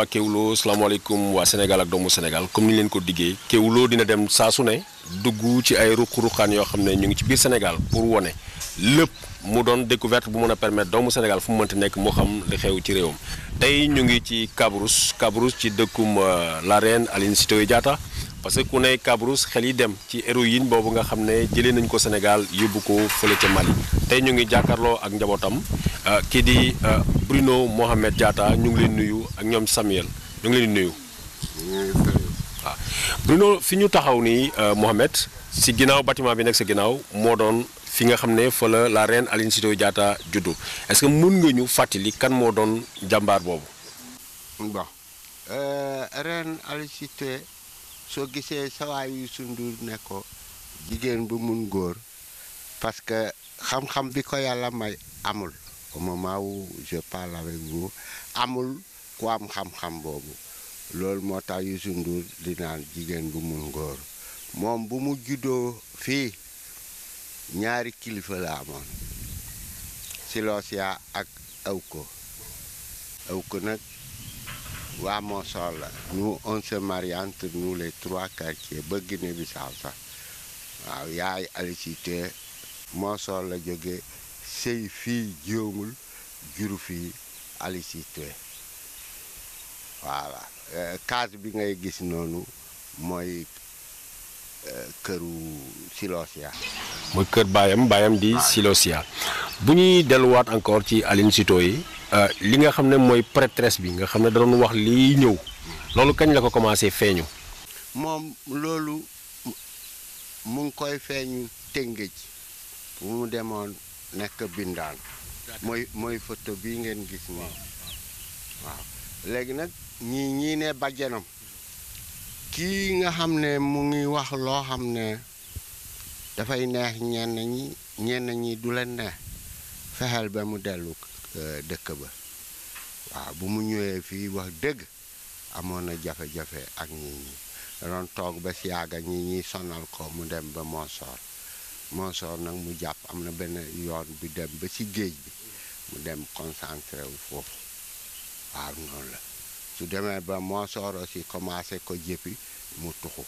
waa Kéwoulo salaamaaleykum waa Sénégal ak doomu Sénégal comme ni leen ko diggee Kéwoulo dina dem saa su ne dugg ci ay ruq-ruqaan yoo xam ne ñu ngi ci biir Sénégal pour wone lépp mu doon découverte bu mën a permettre doomu Sénégal fu mu mënti nekk moo xam li xew ci réewam. tey ñu ngi ci Kabrousse Kabrousse ci dëkkum euh, la reine Aline Sitoé parce que ku ne Kabrousse xel yi dem ci héroïne boobu nga xam ne jëlee nañ ko Sénégal yóbbu ko fële ca Mali tey ñu ngi jàkkaarloo ak njabootam euh, kii di euh, Bruno Mohamed Diatta ñu ngi leen nuyu ak ñoom Samuel ñu ngi leen nuyu. Bruno fi ñu taxaw nii euh, Mohamed si ginnaaw bâtiment bi nekk si ginnaaw moo doon fi nga xam ne fa la la reine Aline Sitoé Diatta juddu est-ce que mën nga ñu fàttali kan moo doon jàmbaar boobu. soo gisee sawaay yu sundur ne ko jigéen bu mun góor parce que xam-xam bi ko yàlla may amul au moment où je parle avec amul ku am xam-xam boobu loolu moo tax Youssou Ndour di naan jigéen bu mun góor moom bu mu juddoo fii ñaari kilifa la amoon Silosia ak Awko Awko nag vamos sol nu on se mariant nu le trois quartiers bagine bi salsa ay ay alicité mo sol la jogé sey fi djomul juru fi alicité voilà e, carte bi ngay e gis nonu moy keuru silosia moy keur bayam bayam di silosia buñuy delouat encore ci aline sito Euh, li nga xam ne mooy prêtresse bi nga xam ne da doon wax lii ñëw loolu kañ la ko commencé feeñu. moom loolu mu ngi koy feeñu tëngëj bu mu demoon nekk bindaan. mooy mooy photo bi ngeen gis nii léegi nag ñii ñii ne bàjjanam kii nga xam ne mu ngi wax loo xam ne dafay neex ñenn ñi ñenn ñi du leen neex fexeel ba mu dellu Euh, dëkk ba waaw bu mu ñëwee fii wax dëgg amoon na jafe-jafe ak ñi ñi ba si yàgga ñi sonal ko mu dem ba Monsoor Monsoor nag mu jàpp am na benn yoon bi dem ba ci géej bi mu dem concentré wu foofu waaw noonu la su demee ba Monsoor aussi commencé ko jëppi mu tuxu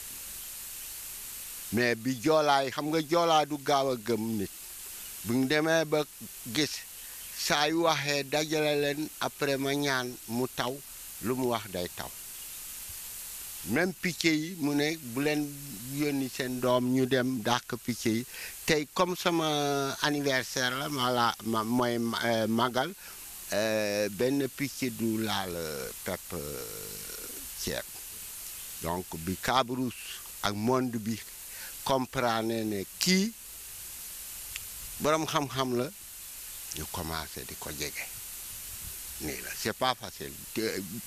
mais bi joolaay xam nga joolaa du gaaw a gëm nit bu demee ba gis saay waxee dajale leen après ma ñaan mu taw lu mu wax day taw même picce yi mu ne bu leen yónni seen doom ñu dem dàq picce yi tey comme sama anniversaire la mala ma mooy eh, magal eh, benn picce du laal pepp ceeb donc bi kaabrus ak monde bi comprendre ne kii borom xam-xam la ñu commencé di ko jege nii la c'est pas facile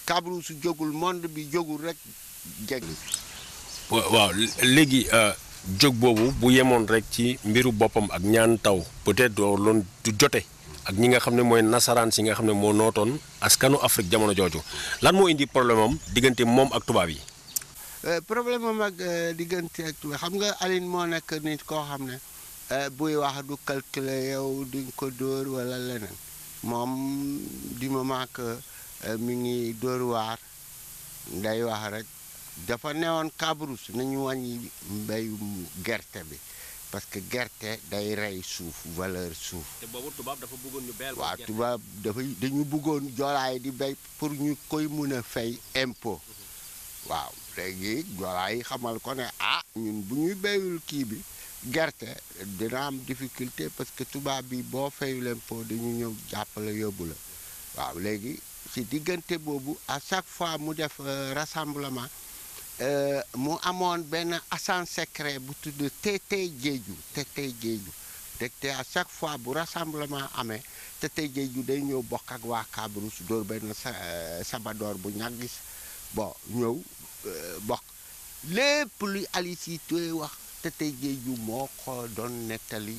Kabrousse jógul monde bi jógul rek jege waaw léegi euh, jóg boobu bu yemoon rek ci mbiru boppam ak ñaan taw peut doo loon du jote ak ñi nga xam ne mooy nasaraan si nga xam ne moo nootoon askanu Afrique jamono jooju lan moo indi problème am diggante moom ak tubaab yi. Euh, problème am ak euh, diggante ak tubaab xam nga Aline moo nekk nit koo xam ne. Eh, buy wax du calculer yow duñ ko dóor wala leneen moom du moment que eh, mi ngi dóor waar day wax rek dafa newoon Kabrousse nañu wàññi mbéyum gerte bi parce que gerte day rey suuf valeur suuf. te boobu tubaab dafa bëggoon ñu dañu bëggoon joolaay di béy pour ñu koy mun a fay impôt mhm. waaw léegi joolaay xamal ko ne ah, ñun bu ñuy béyul kii bi. gerte dina am difficulté parce que tubaab bi boo fayu leen po dañu ñëw jàppale yóbbu la waaw léegi si diggante boobu à chaque fois mu def euh, rassemblement euh, mu amoon benn agent secret bu tudd Tété Jéeju Tété Jéeju te te à chaque fois bu rassemblement amee Tété Jéeju day ñëw bokk ak waa Kabrousse dóor benn euh, sabadoor bu ñaggis bon ñëw bokk lépp luy Aline wax tëte jeeju moo ko doon nettali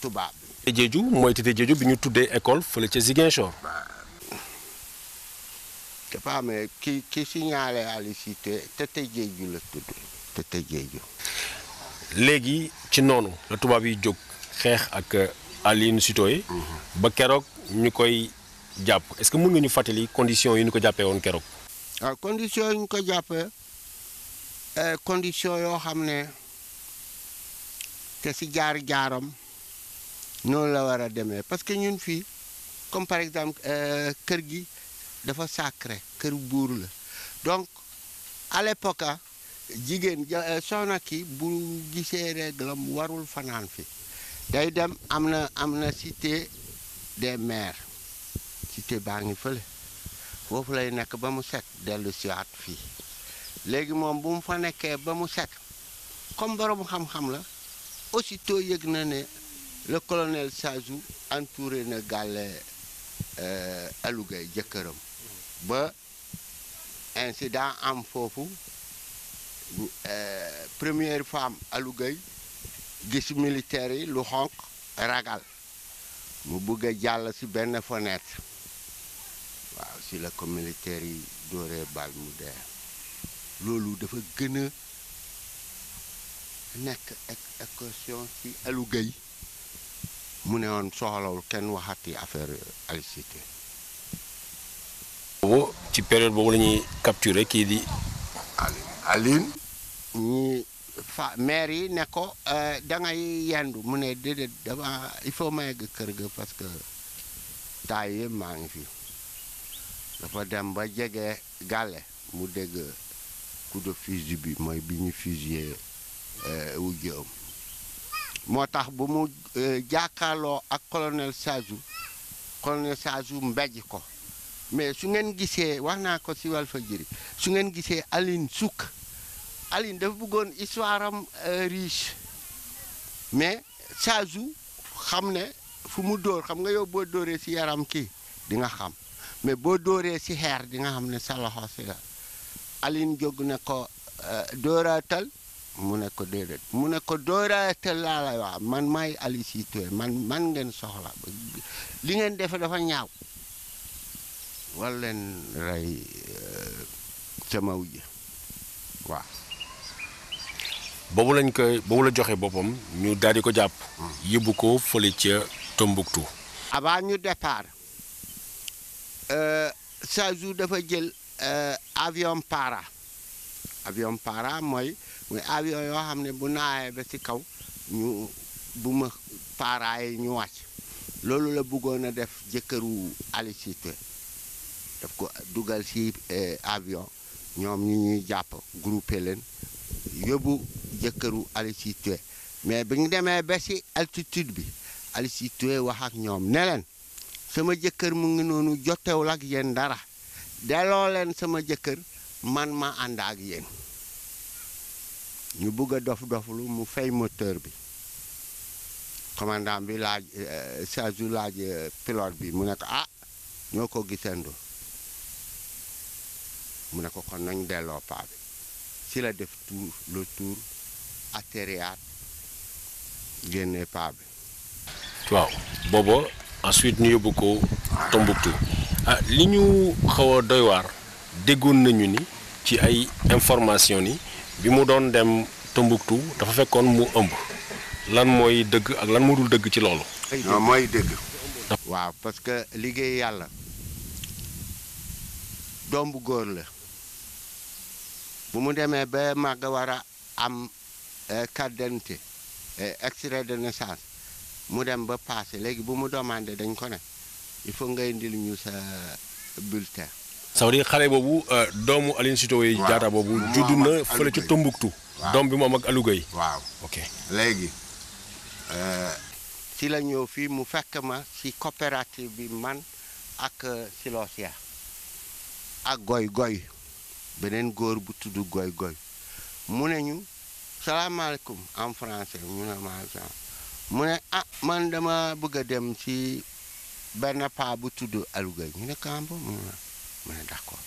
tubaab bi. tëte mooy tëte jeeju bi ñu tuddee école fële ca Ziguinchor. dafa amee ki ki signalé Alicité tëte jeeju la tudd tëte léegi ci noonu la tubaab yi jóg xeex ak euh, Aline Sitoé mhm. ba keroog ñu koy jàpp est-ce que mën nga ñu fàttali conditions yi ñu ko jàppee woon keroog. waaw ah, conditions yi ñu ko jàppee euh, conditions yoo xam ne. te si jaar jaaram noonu la war a demee parce que ñun fii comme par exemple euh, kër gi dafa sacré kër buur la donc à l'époque ah, jigéen euh, soxna ki bu gisee réglam warul fanaan fi day dem am na am na cité des mères cité baa ngi fële foofu lay nekk ba mu set dellu siwaat fii léegi moom bu mu fa nekkee ba mu set comme borom xam-xam la aussitôt yëg na ne le colonel Sajou entouré na gàlle euh, Aliou Gueye jëkkëram ba incident am foofu euh, première femme Aliou Gueye gis militaire yi lu xonq ragal mu bëgg a jàll ci benn fenêtre waaw si la ko militaire yi dóoree bal mu dee loolu dafa gën nekk ak ci Aliou Gueye mu ne woon soxlawul kenn waxati affaire Aline boobu ci période boobu kii di Aline ñi fa maire yi ne ko euh, da ngay yendu mu ne déedéet dama il faut ma yegg kër ga parce que taay yëpp maa ngi fi dafa dem ba jege gale mu dégg coup de fusil bi mooy bi ñu fusillé Eh, wu jëm moo tax bu mu eh, jàkkaarloo ak colonel Sajou colonel Sajou mbéj ko mais su ngeen gisee wax naa ko si Walfadjri su ngeen gisee Aline Souk Aline dafa bëggoon histoire am eh, riche mais Sajou xam ne fu mu dóor xam nga yow boo dóoree si yaram ki di nga xam mais boo dóoree si xeer di nga xam ne sa loxo si la jóg ne ko dóoraatal mu ne ko déedéet mu ne ko dooraate laa lay wax man may Aline man man ngeen soxla li ngeen defe dafa ñaaw war leen rey euh, sama wujj waaw boobu lañ koy boobu la joxe boppam ñu daal ko jàpp hmm. yóbbu ko fële ca Tombouctou avant ñu départ euh, Sajou dafa jël euh, avion para avion para mooy muy avion yoo xam ne bu naawee ba ci kaw ñu bu ma paaraay ñu wàcc loolu la bëggoon a def jëkkëru Aline Sitoé ko dugal ci eh, avion ñoom ñu ñuy jàpp groupé leen yóbbu jëkkëru Aline Sitoé mais bi ñu demee ba ci altitude bi Aline Sitoé wax ak ñoom ne leen sama jëkkër mu ngi noonu jotewul ak yéen dara delloo leen sama jëkkër man ma ànd ak yéen ñu bëgg a dof doflu mu fay moteur bi commandant bi laaj saa euh, su laaj euh, pilote bi mu ne ko ah ñoo ko gisandoo mu ne ko kon nañ delloo paa bi ci la def tour le tour atterriat génne paa bi. waaw booba ensuite ñu yóbbu ko Tombouctou ah, li ñu xaw a doy déggoon nañu ni ci ay information ni bi mu doon dem Tombouctou dafa fekkoon mu ëmb lan mooy dëgg ak lan moo dul dëgg ci loolu. non mooy dëgg. waaw parce que liggéey yàlla doom góor la bu mu demee ba màgg war a am eh, carte d'identité eh, extrait de naissance mu dem ba passé léegi bu mu demandé dañ ko ne il faut nga indil ñu sa bulletin. sa wari xale bobu euh, doomu aline citoye jaata bobu judd na fele ci tombuktu doom bi moom ak alugay waaw ok léegi euh, ci la ñëw fii mu fekk ma si coopérative bi man ak euh, silosia ak goy goy beneen góor bu tudd goy goy mu ne ñu salaamaaleykum en français ñu ne maasa mu ne ah man dama bëgg a dem si benn paa bu tudd alugay ñu ne ma ne d'accord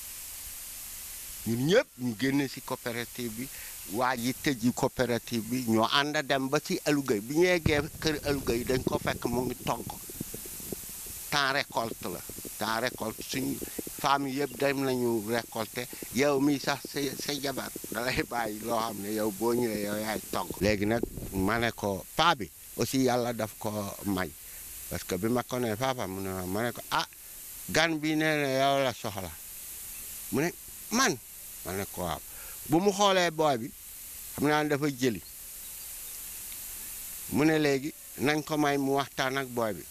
ñun ñëpp ñu génne si coopérative bi waa ji tëji coopérative bi ñoo ànd dem ba ci alugay bi ñu yeggee kër alugay dañ ko fekk mu ngi togg temps récolte la temps récolte suñu femmes yëpp dem nañu récolter yow mi sax sa sa jabar da lay loo xam ne yow boo ñëwee yow yaay togg léegi nag ma ko paa bi aussi yàlla daf ko may parce que bi ma ko nee papa mu ne ma ne ko ah gan bi nee na yow la soxla mu ne ma ne ko bu mu xoolee booy bi xam naa dafa jéli mu ne léegi nañ ko may mu waxtaan ak booy bi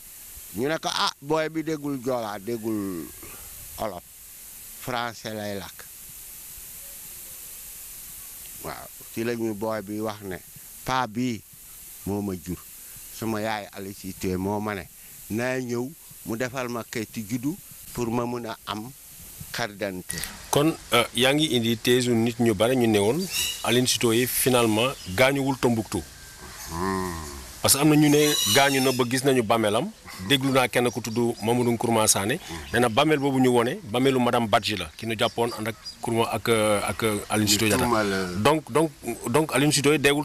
ñu ne ko ah booy bi déggul joolaa déggul olof français lay làkk waaw ci la ñuy booy bi wax ne paa bii moo ma jur sama yaay Alicité moo ma ne naa ñëw mu defal ma kayitu juddu pour ma mun a am carte d'identité kon euh, yaa ngi indi teesu nit ñu bare ñu newoon Aline yi finalement gaañuwul Tombouctou hmm. parce que am na ñu ne gaañu na ba gis nañu bàmmeelam déglu naa kenn ku tudd Mamadou Nkrumah Sané hmm. nee na bàmmeel boobu ñu wone bàmmeelu madame Badji la ki ñu jàppoon ànd ak Nkrumah ak euh, ak euh, Aline Sitoé Diatta donc donc donc Aline Sitoé deewul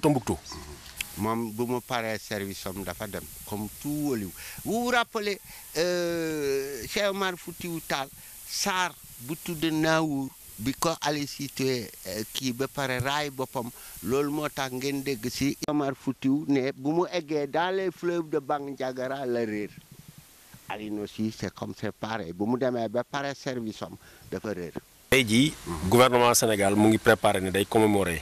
moom bu mu paree service am dafa dem comme tout waliw vous vous rappelez euh, Cheikh Omar Foutiyou Tall saar bu tudd Naawur bi ko ali situé euh, kii ba pare raay boppam loolu moo tax ngeen dégg si Omar Foutiyou ne bu mu eggee dans les fleuves de Bandiagara la réer Alioune aussi c'est comme c'est pareil bu mu demee ba pare service am dafa réer tey jii mhm. gouvernement Sénégal mu ngi préparé ne day commémorer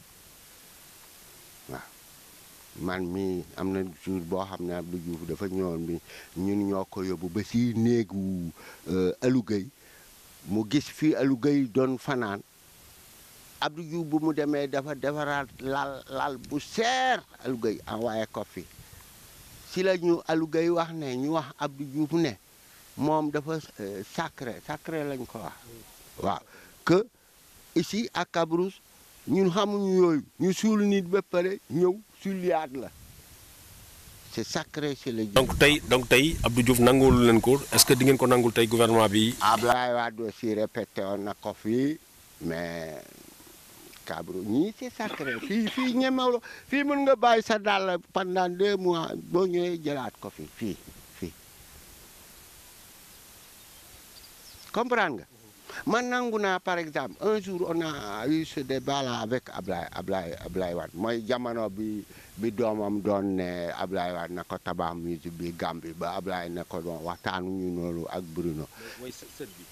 man mi am na jour boo xam ne Abdou Diouf dafa ñëwoon bi ñun ñoo ko yóbbu ba si néegu euh, alugay mu gis fii alugay doon fanaan Abdou Diouf bu mu demee dafa defaraat lal lal bu seer alugay envoyé ko fi si la ñu alugay wax ne ñu wax Abdou Diouf ne moom dafa euh, sacré sacré lañ ko wax mm. waaw que ici à Cabrousse ñun xamuñu yooyu ñu suul nit ba pare ñëw suuliyaat la c'est sacré c'est le donc tey donc tey Abdou Diouf nanguwul leen ko est-ce que di ngeen ko nangul tey gouvernement bi. Abdoulaye Wade aussi répété woon na ko fii mais Kabirou ñii c'est sacré fii fii ñemewul fii mën nga bàyyi sa dàll pendant deux mois boo ñëwee jëlaat ko fii fii fii comprendre nga. man nangu naa par exemple un jour on a eu ce débat là avec Ablaye Ablaye Ablaye Wade mooy jamono bi bi doomam doon ne Ablaye Wade na ko tabax musique bi Gambie ba Ablaye ne ko doon waxtaanu ñu noonu ak Bruno. mooy sët bi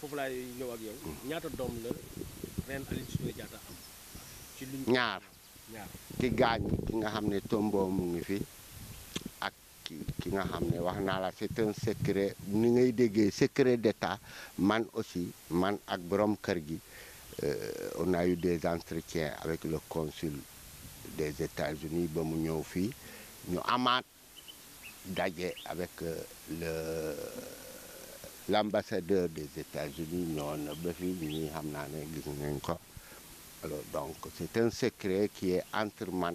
foofu laay ñëw ak yow. ñaata doom la ren Aline Sitoé Diatta am. ci ñaar ñaar ki gaañu ki nga xam ne tombo mu ngi fi. ki nga xamné la c'est un secret ni ngay secret d'État man aussi man ak borom kër gi euh, on a eu des entretiens avec le consul des États-Unis ba mu ñëw fi ñu amaat daje avec euh, le l'ambassadeur des États-Unis non ba fi ni xamna né gis ko alors donc c'est un secret qui est entre man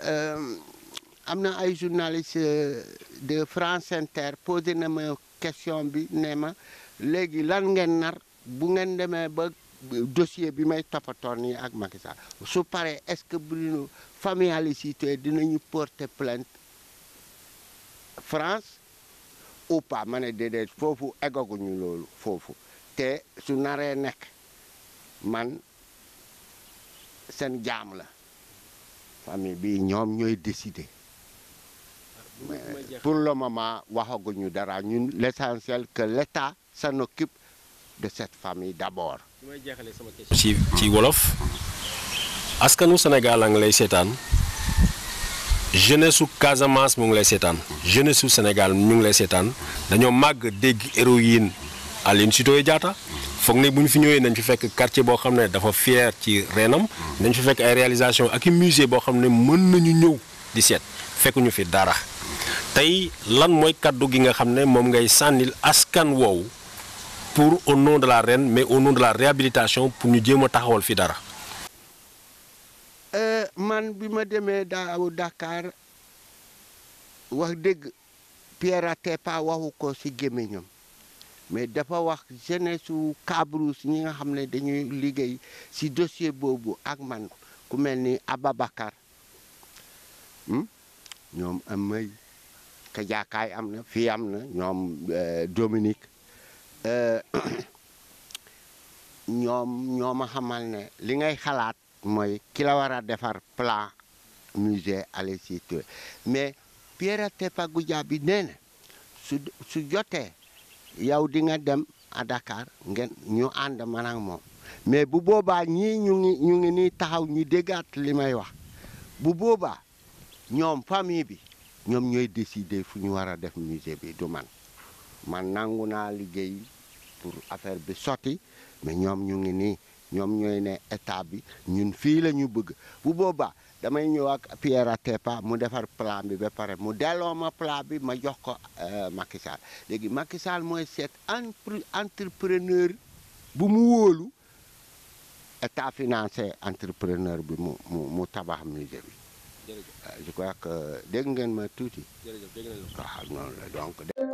Euh, am na ay journaliste euh, de France Inter posé na ma question bi ne ma léegi lan ngeen nar bu ngeen demee ba dossier bi may toppatoo nii ak Macky su pare est-ce que bu ñu familiarité dinañu porte plainte France ou pas mane ne déedéet foofu eggaguñu loolu foofu te su naree nekk man seen jaam la. famille bi ah, pour le moment l'essentiel dara l'essentiel que l'État s'en occupe de cette famille d'abord. ci ci wolof askanu Sénégal a je lay suis jeunesse su Casamance mo ngi lay Je ne suis Sénégal ñu foog ne bu ñu fi ñëwee nañ fi fekk quartier boo xam ne dafa fier ci reenam nañ fi fekk ay réalisation ak i musée boo xam ne mën nañu ñëw di seet fekkuñu fi dara tey lan moi cadeau gi nga xam ne mon ngay sànnil askan woowu pour au nom de la reine mais au nom de la réhabilitation pour ñu dire a taxawal fi dara. Euh, man bimade me demee daaw Dakar wax dëgg Pierre Atepa waxu ko ci gémmiñam mais dafa wax jeunesse su Kabrousse ñi nga xam ne dañuy liggéey si dossier boobu ak man ku mel ni ababakar hmm? ñoom amay ka am na fii am na ñoom eh, Dominique eh, ñoom ñoo ma ne li ngay xalaat mooy ki la war a defar plan musée Alési Touré mais Pierre Atepa Goudiaby nee na su jotee yow di dem à Dakar ngeen ñu ànd man ak moom mais bu boobaa ñii ñu ngi ñu nii taxaw ñu déggaat li may wax bu boobaa ñoom famille bi ñoom ñooy décider fu ñu war a def musée bi du man man nangu naa liggéey pour affaire bi sotti mais ñoom ñu nii ñoom ñooy ne état bi ñun fii la ñu bëgg bu boobaa damay ñëw ak Pierre Atepa mu defar plan bi ba pare mu delloo ma plan bi ma jox ko euh, Macky Sall léegi Macky Sall mooy seet entrepreneur bu mu wóolu état entrepreneur bi mu mu mu tabax musée bi. Euh, je crois que dégg ngeen ma tuuti. jërëjëf